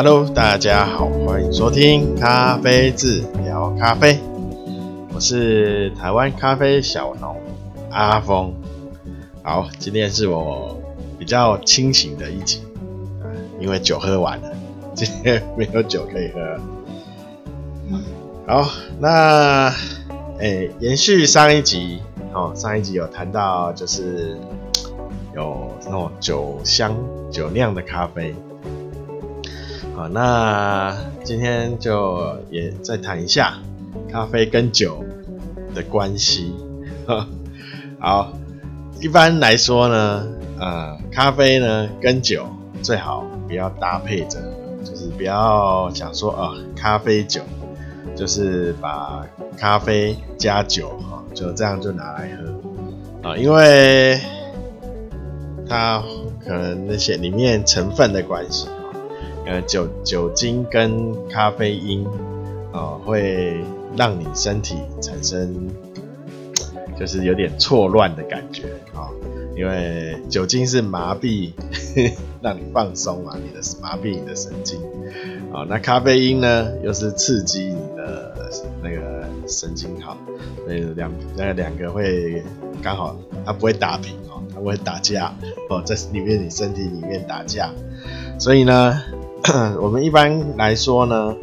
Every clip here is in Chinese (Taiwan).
Hello，大家好，歡迎收聽咖啡誌聊咖啡。我是台灣咖啡小農阿峰。好，今天是我比較清醒的一集，嗯，因為酒喝完了，今天沒有酒可以喝。好，那誒，延續上一集，哦，上一集有談到就是有那種酒香、酒釀的咖啡。啊，那今天就也再談一下咖啡跟酒的關係。 好，一般來說呢，呃，咖啡呢跟酒最好不要搭配着，就是不要想說啊、呃、咖啡酒就是把咖啡加酒，哈、呃，就這樣就拿來喝啊、呃，因為它可能那些裡面成分的關係。呃，酒酒精跟咖啡因、哦，會讓你身體產生就是有點錯亂的感覺啊、哦，因為酒精是麻痹呵呵讓你放鬆嘛、啊，你的麻痹你的神經啊、哦，那咖啡因呢又是刺激你的那個神經，好、哦，所以兩那個、兩個會剛好它不會打平哦，它不會打架哦，在裡面你身體裡面打架，所以呢。 我們一般來說呢，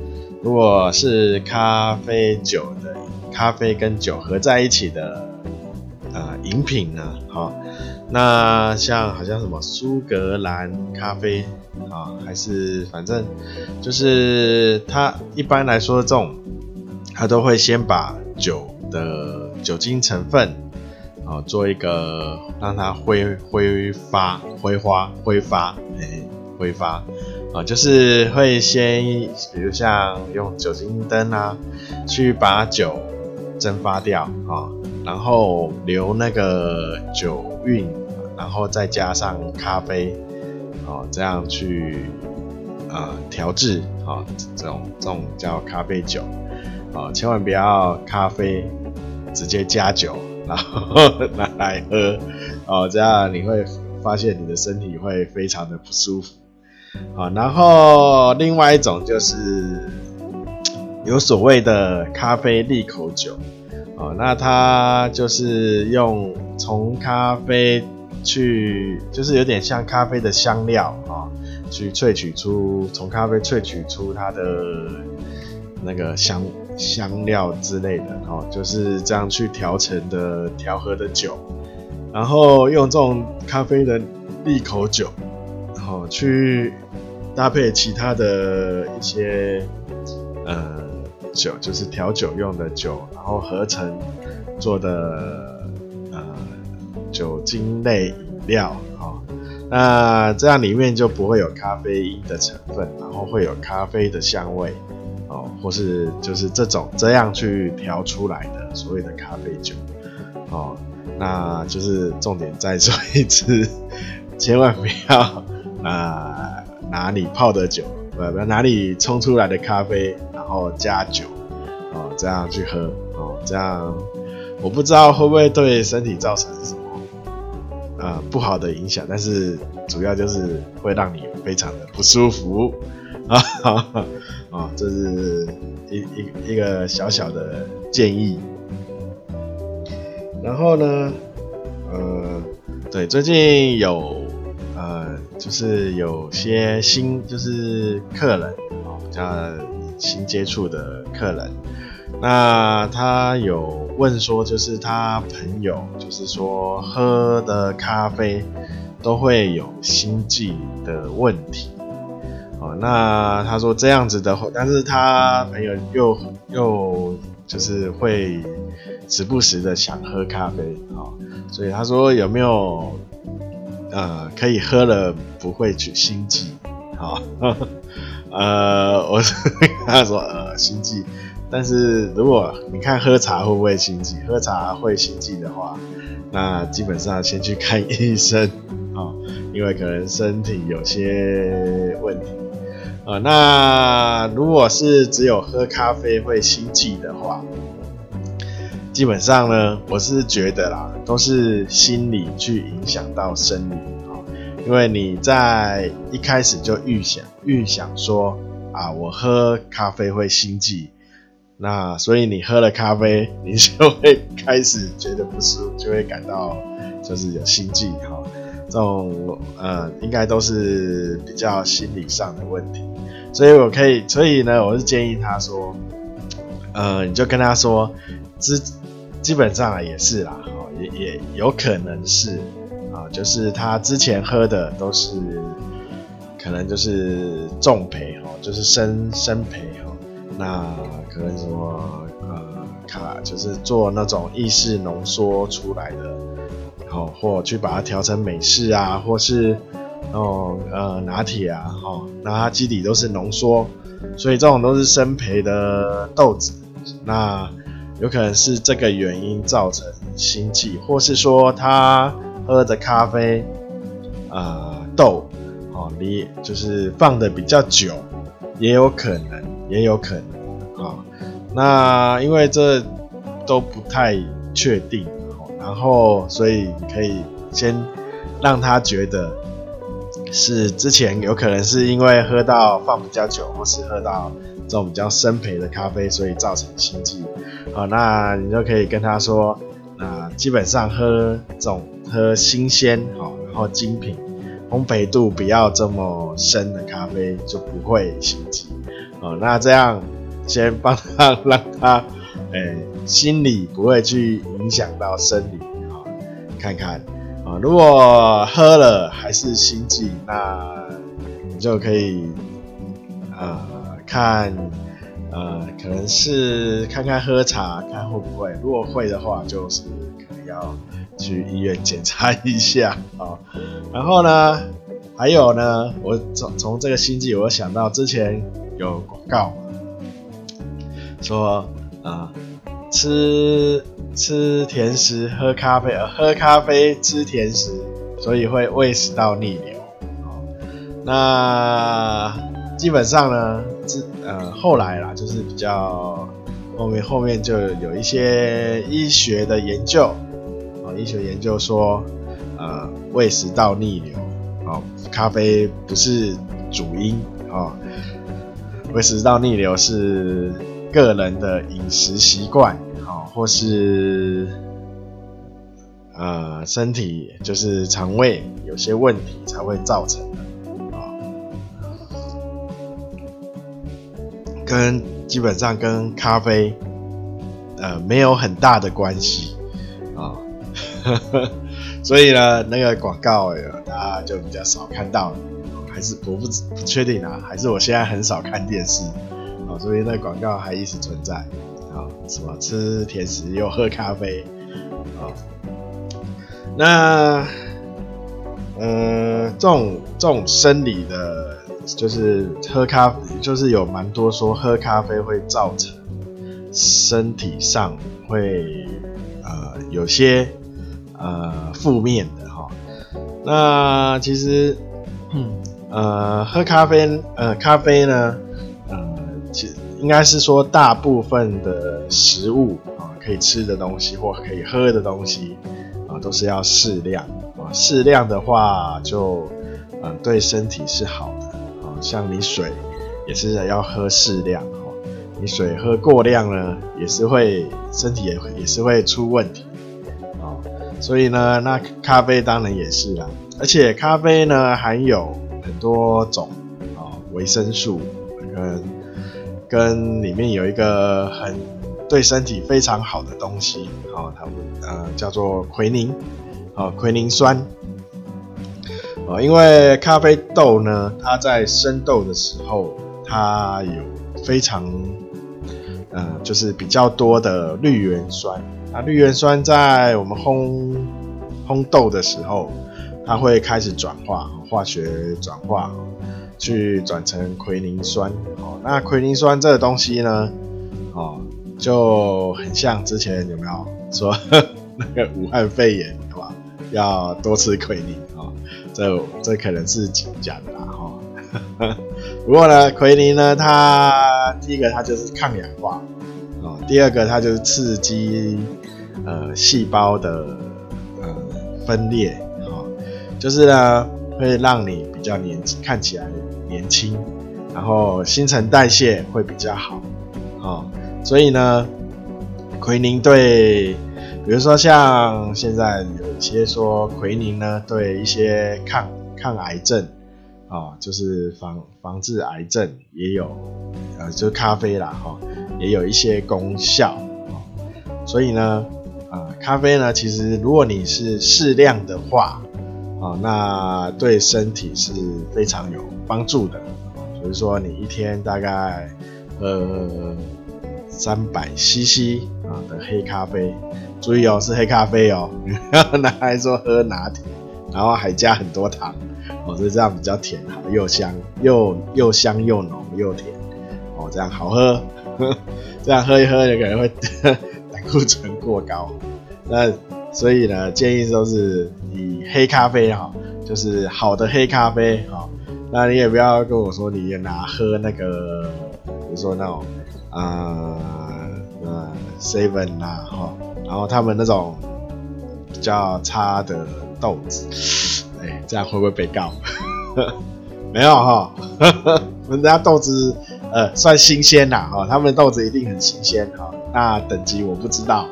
如果是咖啡酒的咖啡跟酒合在一起的、呃、飲品呢，好、哦，那像好像什麼蘇格蘭咖啡啊、哦，還是反正就是他一般來說的這種，他都會先把酒的酒精成分啊、哦、做一個讓它揮揮發揮發揮發哎揮發。啊，就是會先，比如像用酒精燈啊，去把酒蒸發掉，啊，然後留那個酒韻，啊，然後再加上咖啡，啊，這樣去，啊，調製，啊，這種這種叫咖啡酒，啊，千萬不要咖啡直接加酒，然後拿來喝，哦，啊，這樣你會發現你的身體會非常的不舒服。啊，然後另外一種就是有所謂的咖啡利口酒，啊，那它就是用從咖啡去，就是有點像咖啡的香料啊，去萃取出從咖啡萃取出它的那個香香料之類的，哦，就是這樣去調成的調和的酒，然後用這種咖啡的利口酒，然後去。搭配其他的一些呃酒，就是調酒用的酒，然後合成做的呃酒精類飲料啊、哦，那這樣裡面就不會有咖啡因的成分，然後會有咖啡的香味哦，或是就是這種這樣去調出來的所謂的咖啡酒哦，那就是重點再說一次，千萬不要啊。呃哪裡泡的酒，呃，哪裡沖出來的咖啡，然後加酒，哦，這樣去喝，哦，這樣我不知道會不會對身體造成什麼啊、呃，不好的影響，但是主要就是會讓你非常的不舒服啊，啊、哦，這是一一一個小小的建議。然後呢，呃，對，最近有呃。就是有些新，就是客人哦，比較新接觸的客人，那他有問說，就是他朋友，就是說喝的咖啡都會有心悸的問題，哦，那他說這樣子的話，但是他朋友又又就是會時不時的想喝咖啡啊，所以他說有沒有？呃，可以喝了不會去心悸，好，哦，呃，我是跟他說呃心悸，但是如果你看喝茶會不會心悸，喝茶會心悸的話，那基本上先去看醫生，哦，因為可能身體有些問題，哦，那如果是只有喝咖啡會心悸的話。基本上呢，我是覺得啦，都是心理去影響到生理。因為你在一開始就預想、預想說啊，我喝咖啡會心悸，那所以你喝了咖啡，你就會開始覺得不舒服，就會感到就是有心悸。這種呃，應該都是比較心理上的問題。所以我可以，所以呢，我是建議他說，呃，你就跟他說之。基本上也是啦，哦，也也有可能是啊，就是他之前喝的都是可能就是重焙，哦，就是深深焙，那可能什麼呃卡就是做那種意式濃縮出來的，哦，或去把它調成美式啊，或是哦呃拿鐵啊，哦，那它基底都是濃縮，所以這種都是深焙的豆子，那。有可能是這個原因造成心悸，或是說他喝的咖啡，啊、呃、豆，哦，你就是放的比較久，也有可能，也有可能，啊、哦，那因為這都不太確定、哦，然後所以可以先讓他覺得是之前有可能是因為喝到放比較久，或是喝到這種比較生培的咖啡，所以造成心悸。哦，那你就可以跟他說，啊、呃，基本上喝這種喝新鮮，好、哦，然後精品，烘焙度不要這麼深的咖啡就不會心悸，哦，那這樣先幫他讓他，誒、欸，心理不會去影響到生理，啊、哦，看看，啊、呃，如果喝了還是心悸，那你就可以，啊、呃，看。呃，可能是看看喝茶，看會不會，如果會的話，就是可能要去醫院檢查一下啊、哦。然後呢，還有呢，我從從這個心悸，我想到之前有廣告說，啊、呃，吃吃甜食，喝咖啡，呃，喝咖啡，吃甜食，所以會胃食道逆流哦，那。基本上呢，這呃後來啦，就是比較後面後面就有一些醫學的研究，啊、哦，醫學研究說，呃，胃食道逆流，啊、哦，咖啡不是主因，啊、哦，胃食道逆流是個人的飲食習慣，啊、哦，或是、呃、身體就是腸胃有些問題才會造成的。基本上跟咖啡，呃，沒有很大的關係啊、哦，所以呢，那個廣告大家就比較少看到，還是我不不確定啊，還是我現在很少看電視啊、哦，所以那廣告還一直存在啊，什、哦、麼吃，吃甜食又喝咖啡啊、哦，那嗯、呃，這種這種生理的。就是喝咖啡，就是有蠻多說喝咖啡會造成身體上會呃有些呃負面的哈。那其實、嗯呃、喝咖啡呃咖啡呢呃其實應該是說大部分的食物啊、呃、可以吃的東西或可以喝的東西啊、呃、都是要適量啊，適量的話就、呃、對身體是好。像你水也是要喝適量哦，你水喝過量了也是會身體也也是會出問題哦。所以呢，那咖啡當然也是啦，而且咖啡呢含有很多種啊維生素，跟跟裡面有一個很對身體非常好的東西啊，它們呃叫做奎寧啊奎寧酸。哦，因為咖啡豆呢，它在生豆的時候，它有非常，呃，就是比較多的綠原酸。那、啊、綠原酸在我們烘烘豆的時候，它會開始轉化，化學轉化，去轉成奎寧酸。哦，那奎寧酸這個東西呢，哦，就很像之前有沒有說呵呵那個武漢肺炎，好吧？要多吃奎寧啊。哦這這可能是假的啦，哈、哦。不過呢，奎寧呢，它第一個它就是抗氧化哦，第二個它就是刺激呃細胞的呃分裂，好、哦，就是呢會讓你比較年看起來年輕，然後新陳代謝會比較好，好、哦，所以呢，奎寧對。比如說，像現在有一些說奎寧呢，對一些抗抗癌症啊、哦，就是防防治癌症也有，呃，就是咖啡啦，哈、哦，也有一些功效啊、哦。所以呢，啊、呃，咖啡呢，其實如果你是適量的話，啊、哦，那對身體是非常有幫助的。所以說，你一天大概，呃。三百 CC 啊，的黑咖啡，注意哦，是黑咖啡哦。然後拿來說喝拿鐵，然後還加很多糖哦，所以這樣比較甜哈，又香又又香又濃又甜哦，這樣好喝。呵呵這樣喝一喝，你可能會膽固醇過高。那所以呢，建議都是以黑咖啡哈，就是好的黑咖啡哦，那你也不要跟我說你拿喝那個，比如說那種。呃呃，seven 吶，哈、啊哦，然後他們那種比較差的豆子，哎、欸，這樣會不會被告？ 沒有哈，我們家豆子呃算新鮮啦，哈、哦，他們豆子一定很新鮮哈、哦。那等級我不知道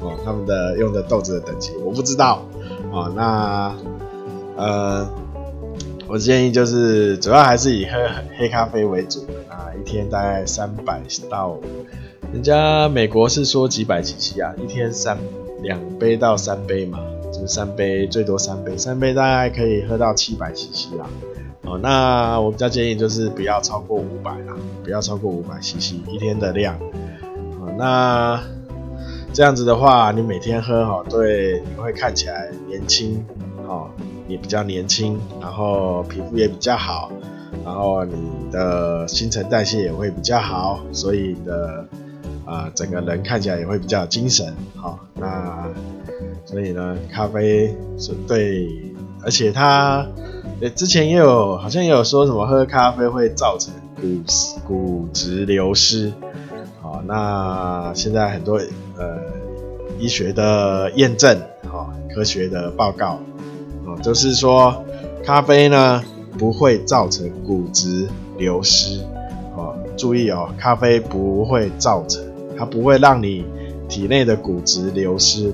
哦，他們的用的豆子的等級我不知道哦。那呃。我建議就是，主要還是以喝黑咖啡為主啊，一天大概三百到，人家美國是說幾百 cc 啊，一天三兩杯到三杯嘛，就是三杯最多三杯，三杯大概可以喝到七百 cc 啦，啊。哦，那我比較建議就是不要超過五百啦，不要超過五百 cc 一天的量，哦。那這樣子的話，你每天喝好，對你會看起來年輕，哦也比較年輕，然後皮膚也比較好，然後你的新陳代謝也會比較好，所以你的，啊、呃，整個人看起來也會比較精神。好、哦，那所以呢，咖啡是對，而且它，欸、之前也有好像也有說什麼喝咖啡會造成骨子骨質流失。好、哦，那現在很多呃醫學的驗證，哈、哦，科學的報告。就是說，咖啡呢，不會造成骨質流失，哦，注意哦，咖啡不會造成，它不會讓你體內的骨質流失，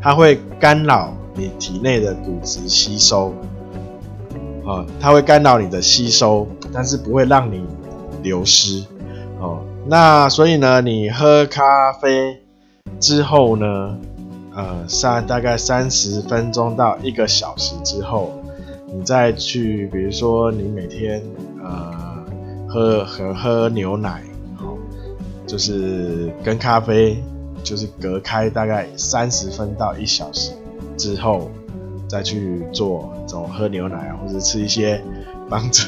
它會干擾你體內的骨質吸收，哦，它會干擾你的吸收，但是不會讓你流失，哦，那所以呢，你喝咖啡之後呢，呃，三大概三十分鐘到一個小時之後，你再去，比如說你每天呃喝喝喝、喝牛奶，哦，就是跟咖啡就是隔開大概三十分到一小時之後，再去做這喝牛奶或者吃一些幫助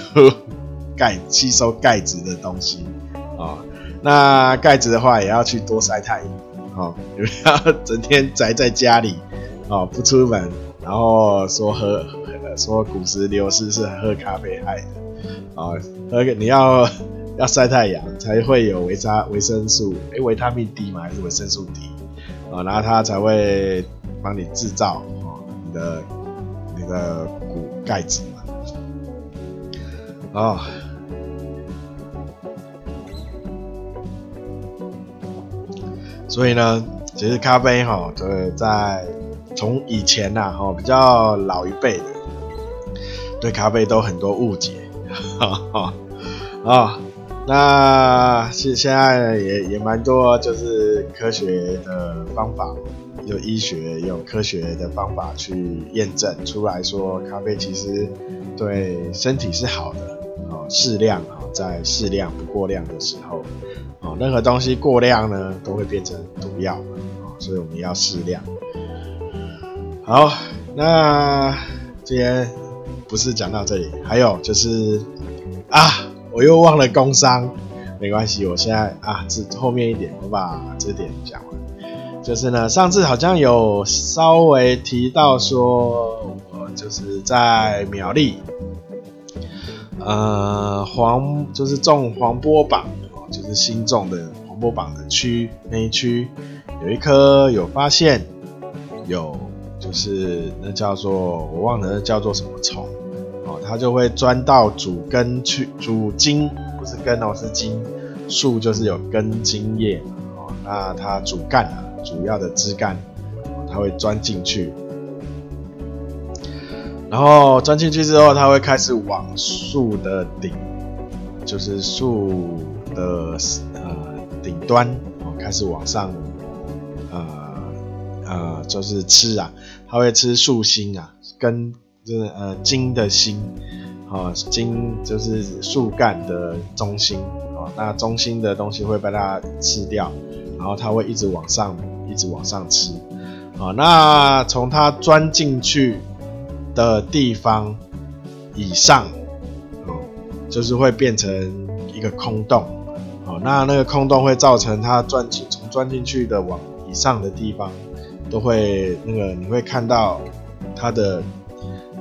鈣吸收鈣質的東西啊、哦。那鈣質的話，也要去多曬太陽。哦，你不要整天宅在家裡，哦，不出門，然後說喝，說骨質流失是喝咖啡害的，哦，喝，個你要要曬太陽，才會有維他維生素，誒，維他命 D 嘛，還是維生素 D，哦，然後它才會幫你製造哦，你的那個骨鈣質嘛，哦。所以呢，其實咖啡哈、哦，對，在從以前吶、啊，哈、哦，比較老一輩的，對咖啡都很多誤解，哈哈啊，那是現在也也蠻多，就是科學的方法，有醫學有科學的方法去驗證出來說，咖啡其實對身體是好的，啊、哦，適量。在適量不過量的時候，哦，任何東西過量呢，都會變成毒藥，哦，所以我們要適量。好，那今天不是講到這裡，還有就是啊，我又忘了工商，沒關係，我現在啊，這後面一點我把這點講完。就是呢，上次好像有稍微提到說，我就是在苗栗。呃，黃就是種黃波榜，哦，就是新種的黃波榜的區那一區，有一棵有發現，有就是那叫做我忘了那叫做什麼蟲，哦，它就會鑽到主根去，主莖不是根哦，是莖，樹就是有根莖葉，哦，那它主幹啊，主要的枝幹，哦，它會鑽進去。然後鑽進去之後，它會開始往樹的頂，就是樹的呃頂端開始往上，呃呃，就是吃啊，它會吃樹心啊，跟就是呃莖的心，啊、呃、莖就是樹幹的中心哦、呃，那中心的東西會被它吃掉，然後它會一直往上，一直往上吃，啊、呃，那從它鑽進去。的地方以上，哦、嗯，就是會變成一個空洞，哦、嗯，那那個空洞會造成它鑽進從鑽進去的往以上的地方，都會那個你會看到它的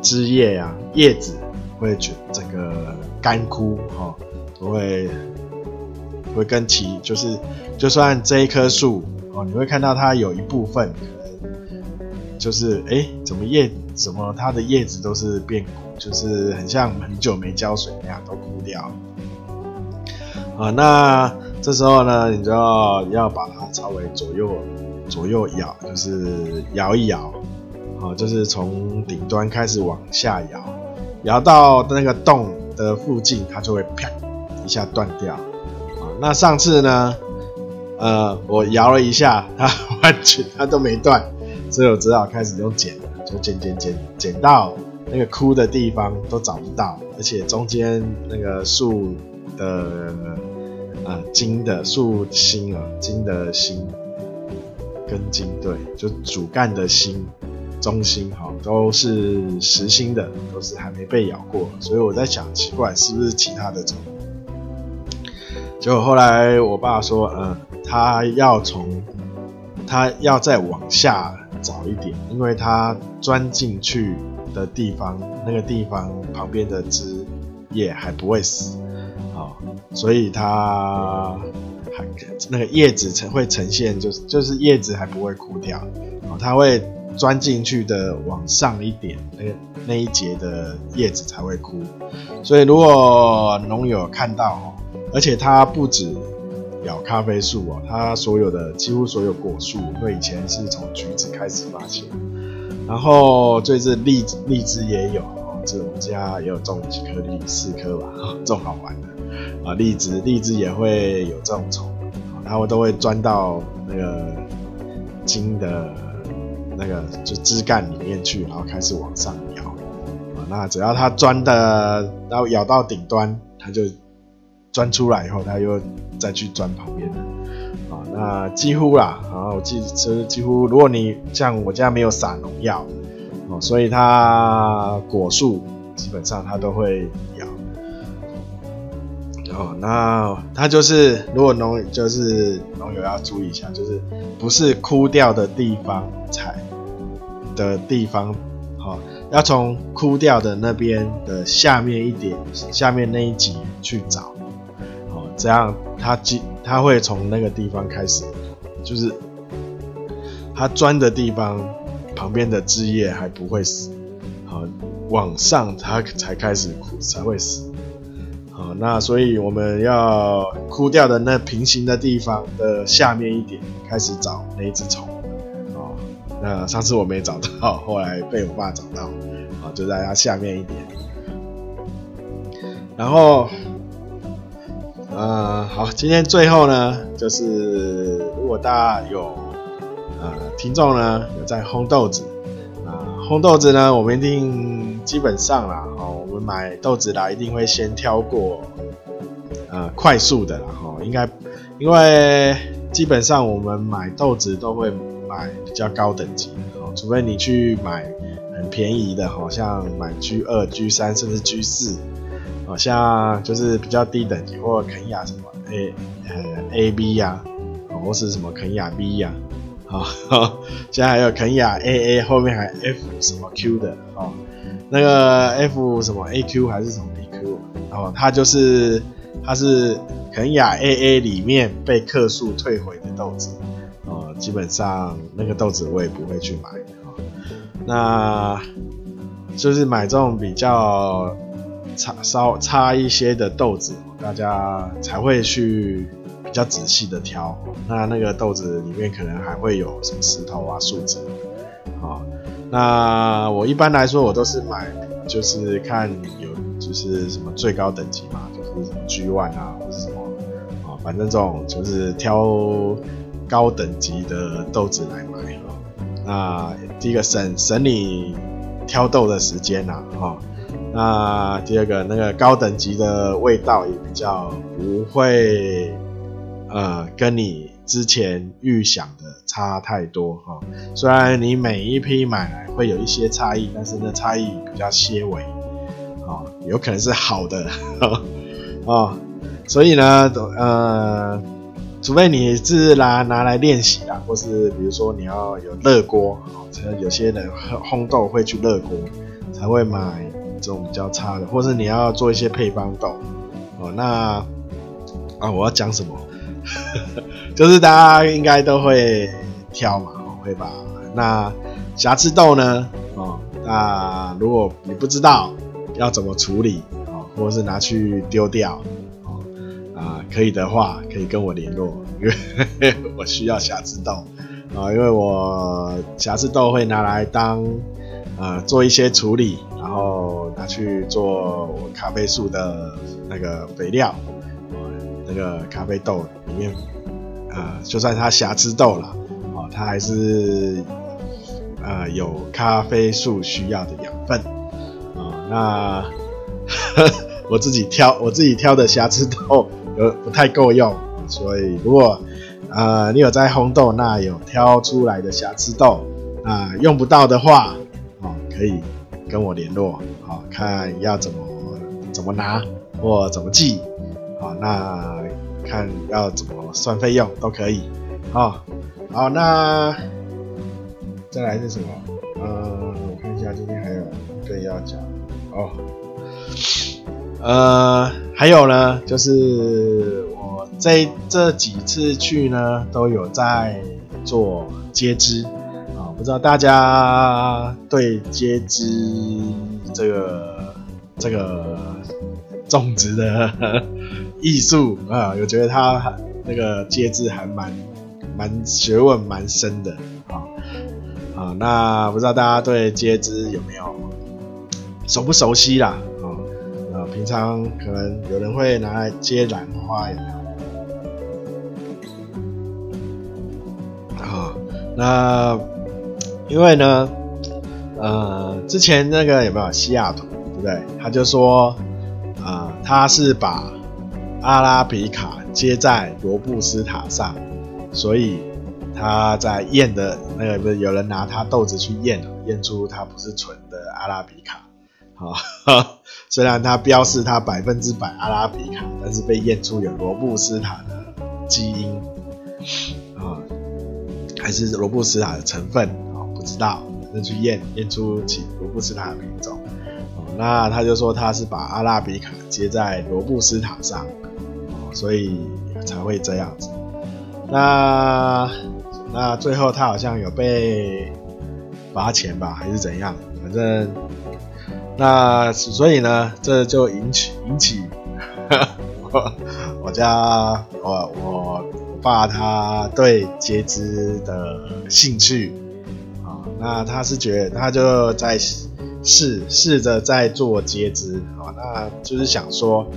枝葉啊，葉子會覺，整個乾枯，嗯，都會會跟其就是就算這一棵樹，哦、嗯，你會看到它有一部分。就是哎，怎麼葉？怎麼它的葉子都是變枯，就是很像很久沒澆水那樣都枯掉。啊，那這時候呢，你就要把它稍微左右左右搖，就是搖一搖，啊，就是從頂端開始往下搖，搖到那個洞的附近，它就會啪一下斷掉。啊，那上次呢，呃，我搖了一下，它完全它都沒斷。所以我只好開始用剪，就剪剪剪，剪到那個枯的地方都找不到，而且中間那個樹的啊、呃、莖的樹心啊，莖的心，根莖，對，就主幹的心，中心哈、喔，都是實心的，都是還沒被咬過。所以我在想，奇怪，是不是其他的蟲？結果後來我爸說，嗯、呃，他要從他要再往下，早一點，因為它鑽進去的地方，那個地方旁邊的枝葉還不會死，好、哦，所以它還那個葉子呈會呈現、就是，就是就是葉子還不會枯掉，哦、它會鑽進去的往上一點，那個、那一節的葉子才會枯，所以如果農友看到，而且它不止，咬咖啡樹啊，它所有的幾乎所有果樹，因為以前是從橘子開始發現，然後最近荔枝荔枝也有，這我們家也有種幾顆荔，四顆吧，種好玩的啊，荔枝荔枝也會有這種蟲，然後都會鑽到那個莖的那個就枝幹裡面去，然後開始往上咬啊，那只要它鑽的，然後咬到頂端，它就。鑽出來以後，他又再去鑽旁邊的啊。那幾乎啦，啊，我記得、就是幾乎，如果你像我家沒有撒農藥，哦，所以它果樹基本上它都會咬。哦，那它就是如果農就是農友要注意一下，就是不是枯掉的地方採的地方，好、哦，要從枯掉的那邊的下面一點、下面那一級去找。這樣，它它會從那個地方開始，就是它鑽的地方，旁邊的枝葉還不會死，好，往上它才開始枯才會死，好，那所以我們要枯掉的那平行的地方的下面一點開始找那隻蟲，哦，那上次我沒找到，後來被我爸找到，啊，就在它下面一點，然後。呃，好，今天最後呢，就是如果大家有呃聽眾呢，有在烘豆子，啊、呃，烘豆子呢，我們一定基本上啦，哦，我們買豆子啦，一定會先挑過，呃，快速的啦，哦，應該，因為基本上我們買豆子都會買比較高等級的，哦，除非你去買很便宜的，好、哦、像買 G 二、G 三甚至 G 四。好、哦、像就是比較低等級，或肯亞什麼 A 呃 A B 呀、啊哦，或是什麼肯亞 B 呀、啊，好、哦，現在還有肯亞 A A 後面還 F 什麼 Q 的哦，那個 F 什麼 A Q 還是什麼 B Q、啊、哦，它就是它是肯亞 A A 裡面被客訴退回的豆子哦，基本上那個豆子我也不會去買，哦、那就是買這種比較。差稍差一些的豆子，大家才會去比較仔細的挑。那那個豆子裡面可能還會有什麼石頭啊、樹枝，啊、哦。那我一般來說我都是買，就是看有就是什麼最高等級嘛，就是什麼 G One 啊，或是什麼啊、哦，反正這種就是挑高等級的豆子來買。哦，那第一個省省你挑豆的時間吶，啊，哈，哦。那第二個，那個高等級的味道也比較不會，呃，跟你之前預想的差太多哈、哦。雖然你每一批買來會有一些差異，但是那差異比較些微，哦，有可能是好的呵呵哦。所以呢，呃，除非你是拿拿來練習啊，或是比如說你要有熱鍋哦，才有些人烘豆會去熱鍋才會買。種比較差的，或是你要做一些配方豆哦，那啊，我要講什麼？ 就是大家應該都會挑嘛，會吧？那瑕疵豆呢？哦，那如果你不知道要怎麼處理哦，或者是拿去丟掉哦，啊，可以的話可以跟我聯絡，因為 我需要瑕疵豆啊、哦，因為我瑕疵豆會拿來當、呃、做一些處理。然後拿去做我咖啡樹的那個肥料，那個咖啡豆裡面，啊、呃，就算它瑕疵豆了，哦，它還是、呃、有咖啡樹需要的養分，啊、哦，那呵呵我自己挑我自己挑的瑕疵豆不太夠用，所以如果啊、呃、你有在烘豆，那有挑出來的瑕疵豆，啊、呃，用不到的話，啊、哦，可以。跟我聯絡，好，看要怎麼怎麼拿或怎麼寄，好，那看要怎麼算費用都可以，好、哦，好，那再來是什麼？嗯、呃，我看一下，今天還有一個要講哦，呃，還有呢，就是我這這幾次去呢，都有在做接枝。不知道大家對接枝這個這個種植的藝 術啊，我覺得它那個接枝還蠻蠻學問蠻深的啊啊。那不知道大家對接枝有沒有熟不熟悉啦？啊呃、啊，平常可能有人會拿來接軟花，有沒有？那。因為呢，呃，之前那個有沒有西雅圖，對不對？他就說，啊、呃，他是把阿拉比卡接在羅布斯塔上，所以他在驗的，那個不是有人拿他豆子去驗，驗出它不是純的阿拉比卡。好、啊，雖然他標示他百分之百阿拉比卡，但是被驗出有羅布斯塔的基因啊，還是羅布斯塔的成分。知道，那去驗，驗出是羅布斯塔的品種，哦，那他就說他是把阿拉比卡接在羅布斯塔上，哦，所以才會這樣子。那那最後他好像有被罰錢吧，還是怎樣？反正那所以呢，這就引起引起呵呵我我家我我我爸他對接枝的興趣。那他是覺得，他就在試試着在做接枝，啊，那就是想說，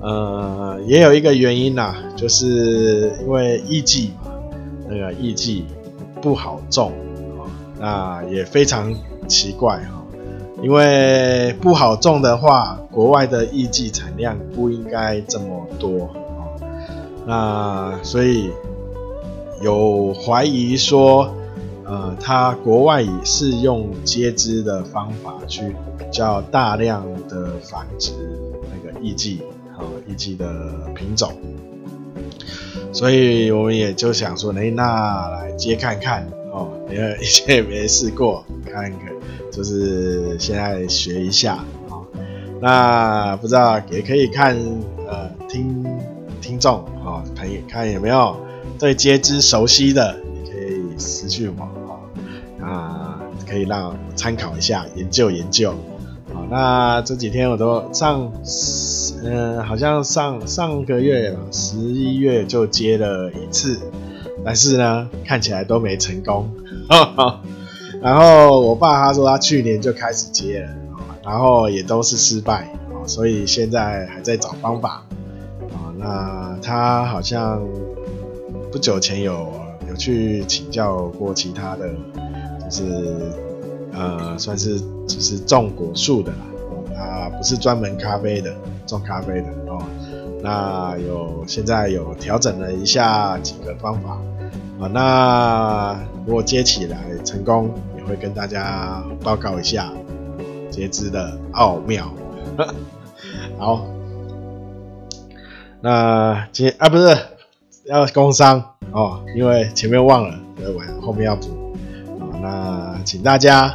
呃，也有一個原因吶、啊，就是因為藝伎嘛，那個藝伎不好種，啊，那也非常奇怪哈，因為不好種的話，國外的藝伎產量不應該這麼多啊，那所以有懷疑說。呃，它國外也是用接枝的方法去比較大量的繁殖那個藝妓，啊，藝妓的品種，所以我們也就想說，哎、欸，那來接看看哦，因為以前沒試過，看看，就是現在學一下啊、哦。那不知道也可以看呃，聽聽眾啊朋友看有沒有對接枝熟悉的，你可以私訊我。啊，可以讓我參考一下，研究研究。好，那這幾天我都上，嗯、呃，好像上上個月十一月就接了一次，但是呢，看起來都沒成功。 然後我爸他說他去年就開始接了，然後也都是失敗，所以現在還在找方法。啊，那他好像不久前有有去請教過其他的。是，呃，算是只、就是種果樹的啦，啊，不是專門咖啡的，種咖啡的哦。那有現在有調整了一下幾個方法，啊，那如果接起來成功，也會跟大家報告一下接枝的奧妙呵呵。好，那接，啊，不是要工商哦，因為前面忘了，來玩後面要補。那請大家，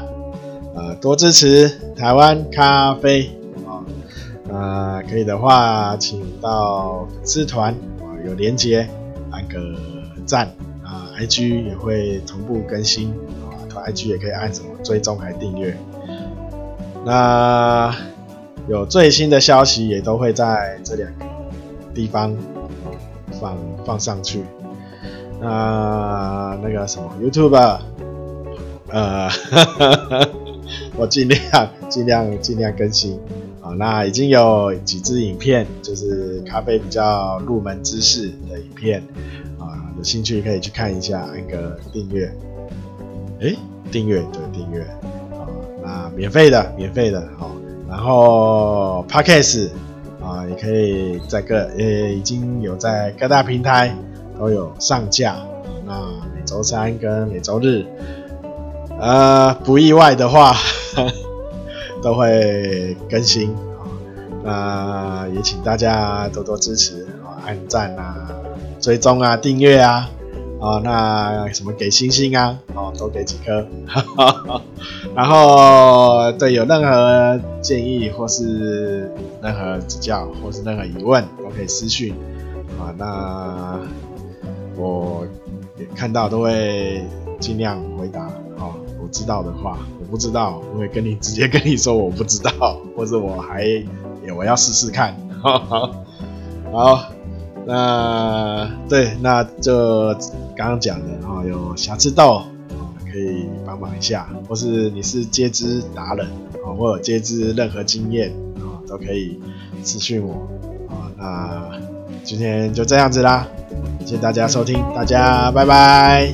呃，多支持台灣咖啡啊、哦。可以的話，請到粉絲團、哦，有連接，按個讚啊。IG 也會同步更新啊、哦，IG 也可以按什麼追蹤來訂閱。那有最新的消息，也都會在這兩個地方、哦、放放上去。那那個什麼 YouTube。YouTuber, 呃， 我盡量盡量盡量更新，好，那已經有幾支影片，就是咖啡比較入門知識的影片啊，有興趣可以去看一下，按個訂閱。誒，訂閱對，訂閱啊，那免費的免費的好，然後 Podcast 啊，也可以在各也、欸、已經有在各大平台都有上架。那每週三跟每週日。呃，不意外的話，呵呵都會更新啊、哦。那也請大家多多支持啊、哦，按讚啊，追蹤啊，訂閱啊，啊、哦，那什麼給星星啊，哦，多給幾顆呵呵呵。然後，對，有任何建議或是任何指教或是任何疑問，都可以私訊啊。那我也看到都會盡量回答啊。哦知道的話，我不知道，我會跟你直接跟你說我不知道，或是我還也我要試試看，好，那對，那就剛剛講的啊、哦，有瑕疵豆可以幫忙一下，或是你是接枝達人啊、哦，或者接枝任何經驗啊、哦，都可以私訊我啊、哦，那今天就這樣子啦，謝謝大家收聽，大家拜拜。